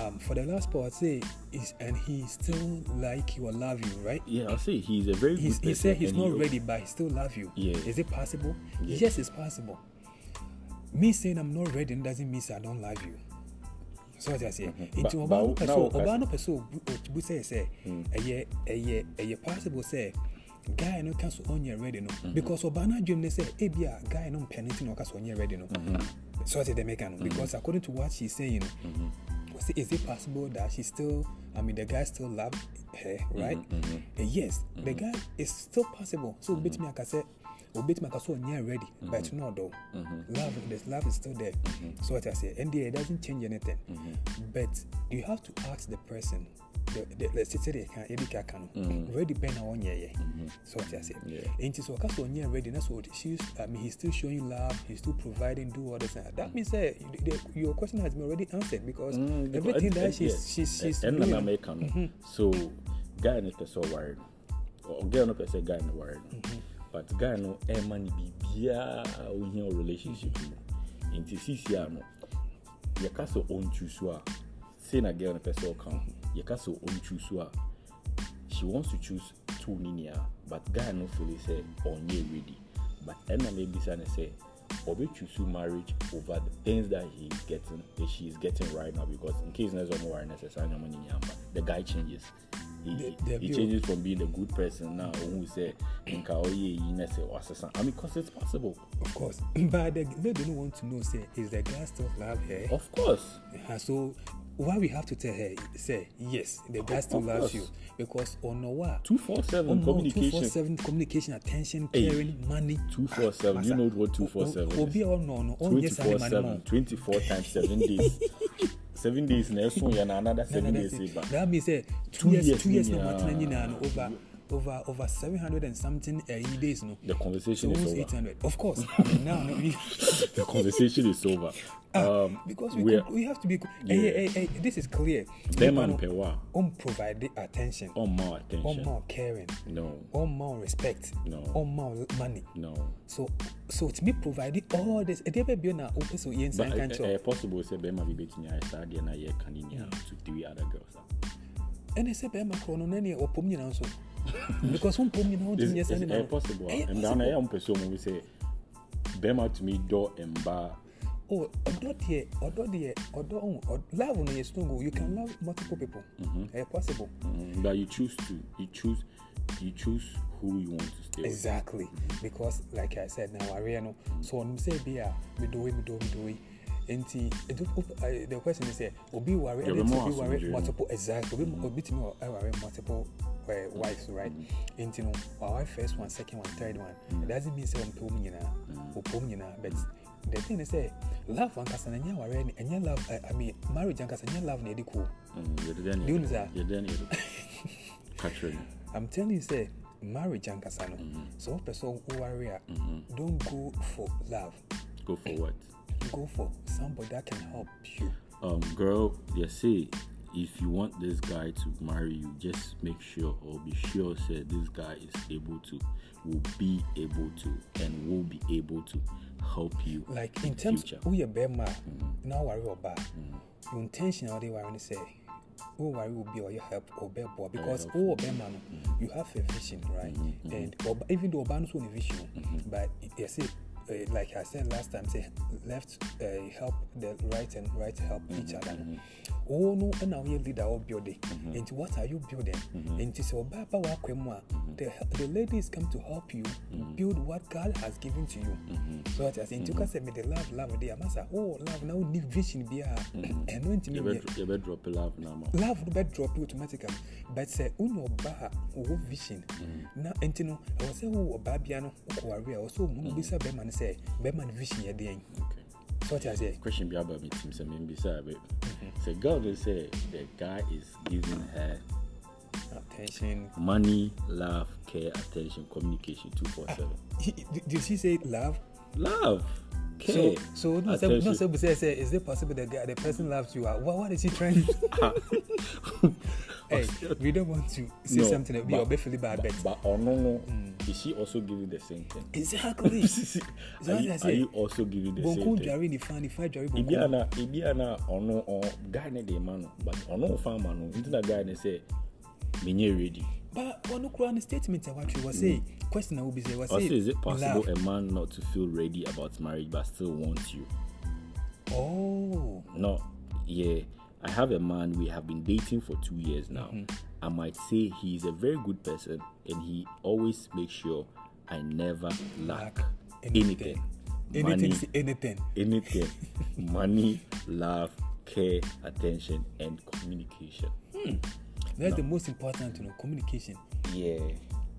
[SPEAKER 2] um, for the last part say is and he still like you or love you, right?
[SPEAKER 1] Yeah, i see. say he's a very he's, He said he's not ready,
[SPEAKER 2] but he still love you. Yeah. Is it possible? Yeah. Yes, it's possible. Me saying I'm not ready doesn't mean I don't love you. So as I say, into Obano Peso, Obano Peso, Buse say, a year, a year, a year possible say. guy no can so ɔnyɛ ready no mm -hmm. because Obana no adwam ne sɛ ebia guy no mpɛ no can na ɔka so ɔnyɛ ready no mm -hmm. so ɔte dɛm ɛka no mhm. because mm -hmm. according to what she saying no mm -hmm. say is it possible that she still i mean the guy still love her right mm -hmm. uh, yes mm -hmm. the mhm. guy is still possible so obetumi mhm. mm -hmm. aka sɛ. obetumi aka so ɔnyɛ ready but mm-hmm. no though. Mm-hmm. love love is still there mm-hmm. so what i say nda doesn't change anything but you have to ask the person Let's sɛdeɛ ka yɛde ka ka no ready bɛn na ɔnyɛ yɛ sɛ ɔte aseɛ enti sɛ ɔka sɛ ɔnyɛ ready that's na sɛ he's still showing love He's still providing do all this that mm. means eh, that your question has been already answered because mm, everything that she's, yes. she's, she's doing ɛnna na so
[SPEAKER 1] guy in pɛ sɛ ɔware no ɔgɛ no pɛ guy in the world. but guy no ɛma no biribiaa a ohia relationship mu nti sisi a no yɛka sɛ ɔntu so a sei na girl no pɛ sɛ ɔka ho yɛka sɛ ɔntu so a she wants to choose two ne but guy no feel sɛ ɔnyɛ oh, ready but ɛna na ebisa no sɛ ɔbɛtu so marriage over the things that he getting that she is getting right now because in case na no ɔmo necessary na ɛsɛ saa nneɛma nyinaa ba the guy changes he, he changes from being a good person now who say in said
[SPEAKER 2] I mean because it's possible of course but the, they don't want to know say is the guy still love her of course yeah, uh-huh, so why we have to tell her say yes the guy still of loves course. you because on what 247 oh, no, communication 247 communication attention caring hey, money
[SPEAKER 1] 247 ah, you know what 247 is 24 7 24 times 7 days seven days na ɛso yɛ na another seven days ba
[SPEAKER 2] that means eh, two years two years na wɔtena nyinaa no over over over 700 and something uh, days no
[SPEAKER 1] the conversation so is over
[SPEAKER 2] 800 of course now no, the
[SPEAKER 1] conversation is over ah, um,
[SPEAKER 2] because we, could, we have to be eh, yeah. hey, eh, hey, hey, this is clear them and pewa on provide attention on more attention on more caring no on more respect no on more money no so so to me provide all this it ever be on open so yes but uh, uh,
[SPEAKER 1] possible say bema be betin ya study na ye kanini mm. to three other girls
[SPEAKER 2] and they say bema kono na ne opom nyina so because wọn pọmi na wọn tún yẹ sani ma. ɛyɛ possible ɛyɛ possible ɛmɛ anayɛ
[SPEAKER 1] ɔmo pɛ so ɔmo bi sɛ bɛrima tumi dɔ mba.
[SPEAKER 2] o ɔdɔ deɛ ɔdɔ deɛ love on your strong you can love multiple people. ɛyɛ mm-hmm. Eh, possible.
[SPEAKER 1] Mm-hmm. but you choose to you choose you choose who you want to stay with. exactly
[SPEAKER 2] mm-hmm. because like i said na wàá rí ẹ no so ọ̀nùmísẹ́ bíi a mi do it. dòwe do it nti the question is eh, obi ware obi ware multiple exactly obi obi ti mi ware multiple eh, wives right mm-hmm. nti no waware first one second one third one it mm-hmm. doesn't mean say ɔmpɛ wɔn nyinaa ɔpɔ mm-hmm. wɔn nyinaa but the thing is say eh, love ankasa na ɛnyɛ ware ɛnyɛ love i mean marriage ankasa ɛnyɛ love na ɛde ko do you know that i'm telling you say marriage ankasa no so ɔpɛ sɛ ɔware a don't go for love go for what go for somebody that can help you.
[SPEAKER 1] Um, girl, you see, if you want this guy to marry you, just make sure or be sure say this guy is able to, will be able
[SPEAKER 2] to, and will be able to help you. Like in, in terms of who you bear man, mm-hmm. now worry about mm-hmm. your intention. what they want to say, who worry will be or you help or bear boy because who uh, bear man, mm-hmm. you have a vision, right? Mm-hmm. Mm-hmm. And or, even though Obama's a vision, mm-hmm. but you see uh, like I said last time, say left uh, help the right and right help each mm-hmm. other. Mm-hmm. Oh no, and now you leader or building. Mm-hmm. And what are you building? And to say, oh, Baba Wakwemwa, the the ladies come to help you build what God has given to you. So as in took us me the love, love, the massa. Oh, love now need vision be a and went to me. You
[SPEAKER 1] better drop love now. Love
[SPEAKER 2] will better drop automatically. But say, Uno oh, Baha, oh vision. Now, and to know, I was saying, Oh, Babiano, Korea, also, be Beman sɛ bɛrima no vision yɛ deɛn
[SPEAKER 1] question bi aba mi tim sɛ mi bi sɛ abe mhm. sɛ girl de sɛ the guy is giving her
[SPEAKER 2] attention
[SPEAKER 1] money love care attention communication two four seven.
[SPEAKER 2] did she say love. love okay. So, so no, se, no se, say, say, is it possible the the person loves you? What, what is he trying to hey, we don't want to say no, something that we are basically bad.
[SPEAKER 1] But, but oh no, no. Mm. Is she also giving the same thing? Exactly.
[SPEAKER 2] Is are, you, are you also giving the same thing? Bonko ni fan, if I jari bonko. Ibi ana,
[SPEAKER 1] ibi ana, ono, oh, on, oh, guy ne de mano, but ono oh, fan mano, into that guy ne say, minye ready.
[SPEAKER 2] But one Ukrainian statement, eh, what we were hmm. saying, mm. question I will be saying, was also, is it possible love? a
[SPEAKER 1] man not to feel ready about marriage but still wants you?
[SPEAKER 2] Oh,
[SPEAKER 1] no, yeah. I have a man we have been dating for two years now. Mm-hmm. I might say he is a very good person and he always makes sure I never
[SPEAKER 2] lack, lack anything. Anything, money, anything, anything.
[SPEAKER 1] anything. money, love, care, attention, and communication.
[SPEAKER 2] Hmm. That's no. the most important, you know, communication.
[SPEAKER 1] Yeah.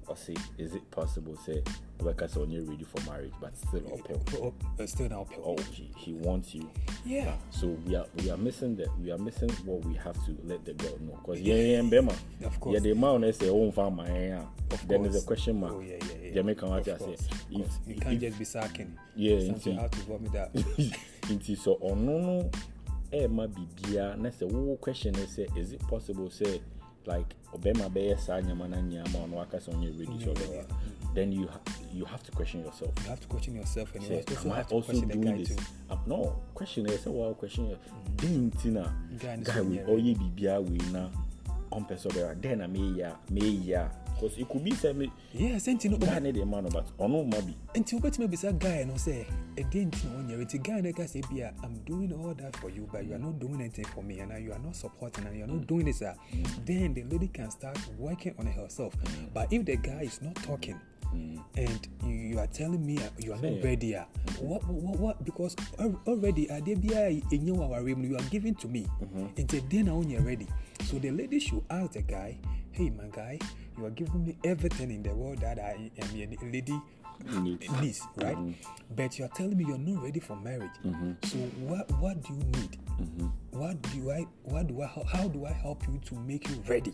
[SPEAKER 1] Or say, is it possible? Say, Rebecca's only ready for marriage, but still uphill. But, uh, still uphill. Oh, he, he wants you. Yeah. So we are we are missing that. We are missing what we have to let the girl know. Cause yeah, yeah, Bema. Of course. Yeah, the man they say, oh, fam, yeah. Of then course. there's a question mark. Oh yeah, yeah, yeah. They make say, if you can't if,
[SPEAKER 2] just be sacking. Yeah, something have to vomit that.
[SPEAKER 1] Inti so oh no no. Eh, ma bibia. Next, the whole question is, is it possible? Say like obema be nyama na nyama on wakas on your radio then you ha- you have to question
[SPEAKER 2] yourself you have to question yourself and you also am I have to question doing the guy this too. i no question yourself well question yourself
[SPEAKER 1] mm. tina
[SPEAKER 2] guy all
[SPEAKER 1] ye bibia we na on then i may ya may ya because it could be sɛmi. yes ɛnti no. guy ne de ma no but ɔno ma bi.
[SPEAKER 2] nti wobɛtumi abisa guy no sɛ ɛdeɛ nti na ɔnyɛ nti guy no ka sɛ bia i'm doing all that for you but you are not doing anything for me and you are not supporting and you are not mm. doing this ah then the lady can start working on herself but if the guy is not talking. Mm. And you, you, are telling me uh, you are not ready. Ah. Mm-hmm. What, what, what, because already uh, uh, you are giving to me. Mm-hmm. And then now you're ready. So the lady should ask the guy, hey, my guy, you are giving me everything in the world that I am a lady needs, right? Mm-hmm. But you are telling me you're not ready for marriage. Mm-hmm. So what, what do you need? Mm-hmm. What do I, what do I, how do I help you to make you ready?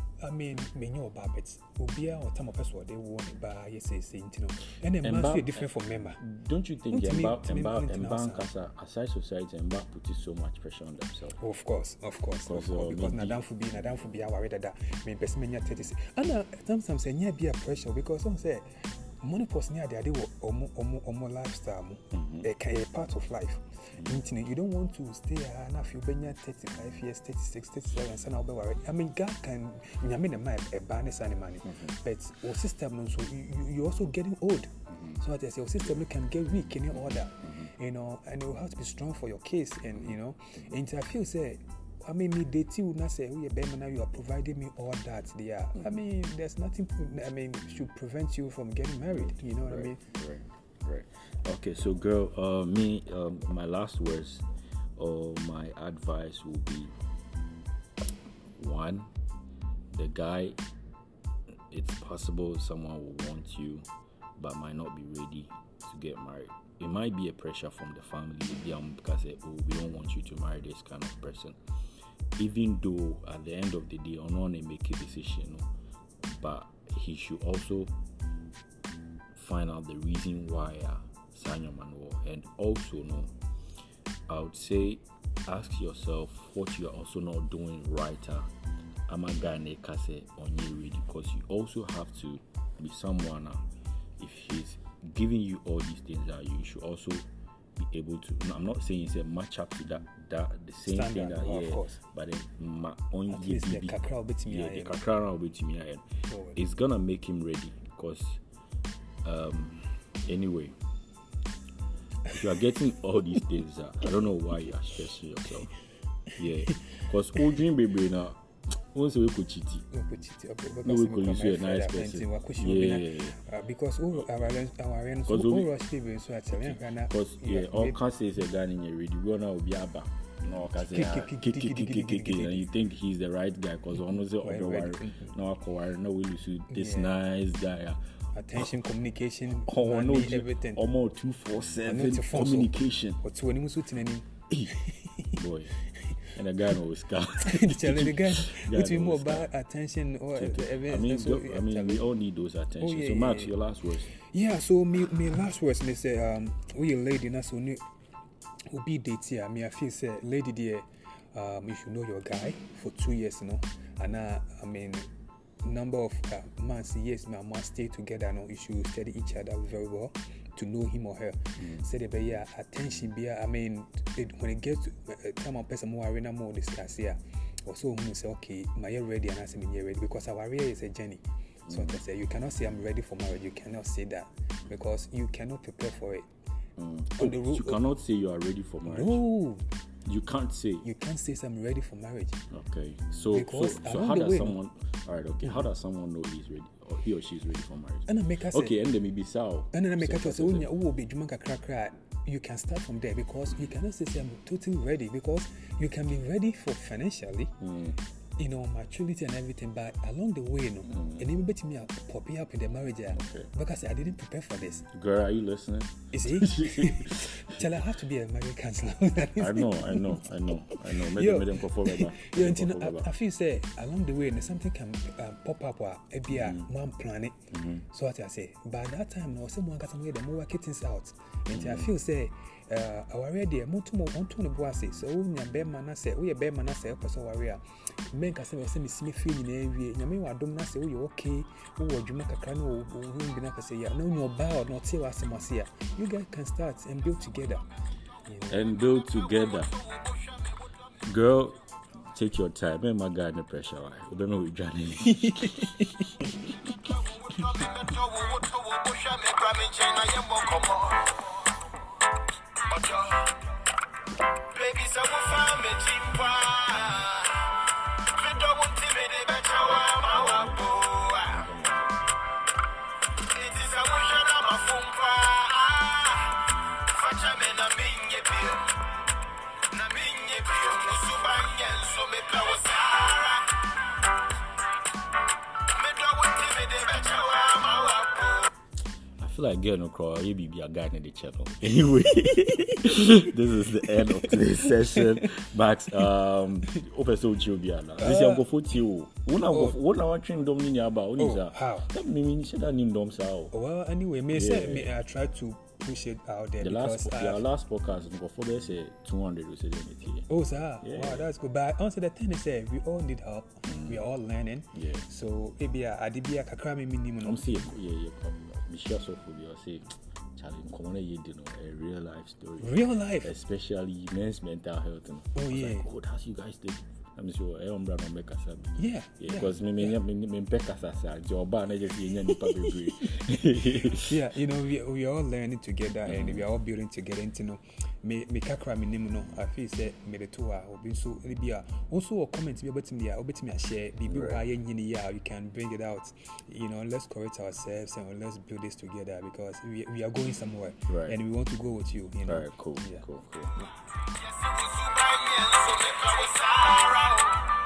[SPEAKER 2] I mean, me know about it. Obia or time of us what they want to buy, yes, yes, you know. And then must be different from member. Don't you think Mba Mba as a aside society Mba put so much pressure on themselves? Oh, of course, of course, of course. Because Nadam Fubi, Nadam Fubi, I worried that me person many thirty six. And uh, sometimes say near be a pressure because some say money person near they are they were omo omo omo lifestyle. They can a part of life. Intini, you don't want to stay and if you thirty-five years, thirty-six, thirty-seven. and I'll be worried. I mean, God can, I mean, a banis animal, mm-hmm. but your system, so you, you're also getting old. Mm-hmm. So, as I say, your system can get weak in order, mm-hmm. you know, and you have to be strong for your case. And, you know, and I feel, say, I mean, me dating would not say, "Oh, yeah, now you are providing me all that." They Mm-hmm. I mean, there's nothing. I mean, should prevent you from getting married. You know what right. I mean? Right.
[SPEAKER 1] Right. Okay, so girl, uh, me, um, my last words or my advice will be one, the guy, it's possible someone will want you but might not be ready to get married. It might be a pressure from the family um, because they, eh, oh, we don't want you to marry this kind of person. Even though at the end of the day, Onon make a decision, but he should also find out the reason why uh, Sanyo And also, no, I would say ask yourself what you are also not doing right. Uh, I'm a guy Kase on you because you also have to be someone. Uh, if he's giving you all these things, that uh, you should also be able to. No, I'm not saying it's a match up to that that the same Standard, thing that uh, yeah, but then my own At yeah, least the kakra will be to Yeah, the be to me. It's gonna make him ready because Um, anyway, if you are getting all these things, uh, I don't know why you are stressing yourself. Yeah, because dream baby now. Once we could cheat,
[SPEAKER 2] no, we could use a nice person. Yeah, yeah, yeah. Because all our our because all rush people, so at seven yeah, all
[SPEAKER 1] cast is a guy in your ready. We are now be aba. No, and you think he's the right guy because honestly, otherwise, no, no, we lose this nice guy
[SPEAKER 2] attention communication oh, money, no, everything ọmọ oh, two four seven communication ọtí wọn ni mo so boy and the guy always was scout. the guy, it will more about attention or everything. I mean, so, I
[SPEAKER 1] mean we all need those attention. Oh, yeah, so, Max, yeah, your last words.
[SPEAKER 2] Yeah, so me, me last words, me say, um, we a lady, na so ni, obi date here. Me I feel say, lady dear, um, if you know your guy for two years, you know, and I, I mean number of uh, months, years, man, must stay together. No, you should study each other very well to know him or her. Mm. Say the yeah, attention be. I mean, it, when it gets to uh, uh time and person more arena more discuss here. Or so who say okay, my year ready and I say me year ready because our career is a journey. Mm. So I say you cannot say I'm ready for marriage. You cannot say that because you cannot prepare for it. Mm. On the road, you cannot
[SPEAKER 1] say you are ready for marriage. No. You can't say. You
[SPEAKER 2] can't say, "I'm ready for marriage."
[SPEAKER 1] Okay, so because so, so how does way, someone? No? All right, okay. How does someone know he's ready or he or she's ready for marriage? And I make us okay, and then maybe so.
[SPEAKER 2] And then I make us say, "Unya uwo be jumanga krakra." You can start from there because you cannot say, "I'm totally ready," because you can be ready for financially. Mm you know, maturity and everything. But along the way, you know, mm and even bet me popping up in the marriage okay. because I didn't prepare for this.
[SPEAKER 1] Girl, are you listening?
[SPEAKER 2] Is see? Tell I have to be a marriage counselor.
[SPEAKER 1] I know, I know, I know, I know. Made, yo, made them perform
[SPEAKER 2] yo, until I, I feel say along the way, you know, something can uh, pop up or uh, be a mm-hmm. man plan Mm-hmm. So what I say, by that time, you know, someone got some way the more work things out. And mm I mm-hmm. feel say. Eh, awareɛ deɛ monto no bo ase sɛ wonya bɛrima na sɛ woyɛ bɛrima na sɛ wopɛ sɛ ware a mmɛnka sɛ mɛsɛ mesine fie nyinaa wie nyame wɔ adom na sɛ woyɛ wɔke wowɔ adwuma kakra bi no sɛ yɛ na wonya ɔbaa na ɔte wɔ asɛm ase a you guys can start and build together
[SPEAKER 1] and build together girl take your time mɛma guy no pressure wa wobɛma wɔdwane Thank you. Baby, so we'll find me, Jimpa. feel like girl no cry. You be a guy in the channel. Anyway, this is the end of today's session. Max, um, open so chill be ala. This is uh, uncle oh. oh. for chill. One uncle, What our train dom ni nyaba. One is oh, a. How? That me you said that ni dom sao. Well, anyway, me say me
[SPEAKER 2] I try to push it out there. The last, po- your
[SPEAKER 1] last podcast, Uncle for said two hundred we said anything.
[SPEAKER 2] Oh, sir, yeah. wow, that's good. But also the thing is, we all need help. Mm. We are all learning. Yeah. So maybe I uh, did be a kakrami minimum. I'm seeing. Yeah, yeah, probably. Michelle Sofo, you say, Charlie, come
[SPEAKER 1] on, you know, a real life story. Real life. Especially men's mental health. And oh, yeah. Like, oh, that's you guys did yeah,
[SPEAKER 2] yeah you know we, we are all learning together and we are all building together You know, mekakra me menim no afei sɛ medeto a obi nso ne bi a wɔ comment bi wobɛtumi wobɛtumi ahyɛ biribi wɔ a yɛnyini a you can bring it out you know let's correct ourselves and let's build this together because we, we are going somewhere right. and we want to go with you you know right, cool, yeah. cool, cool. Yeah. Su letra fue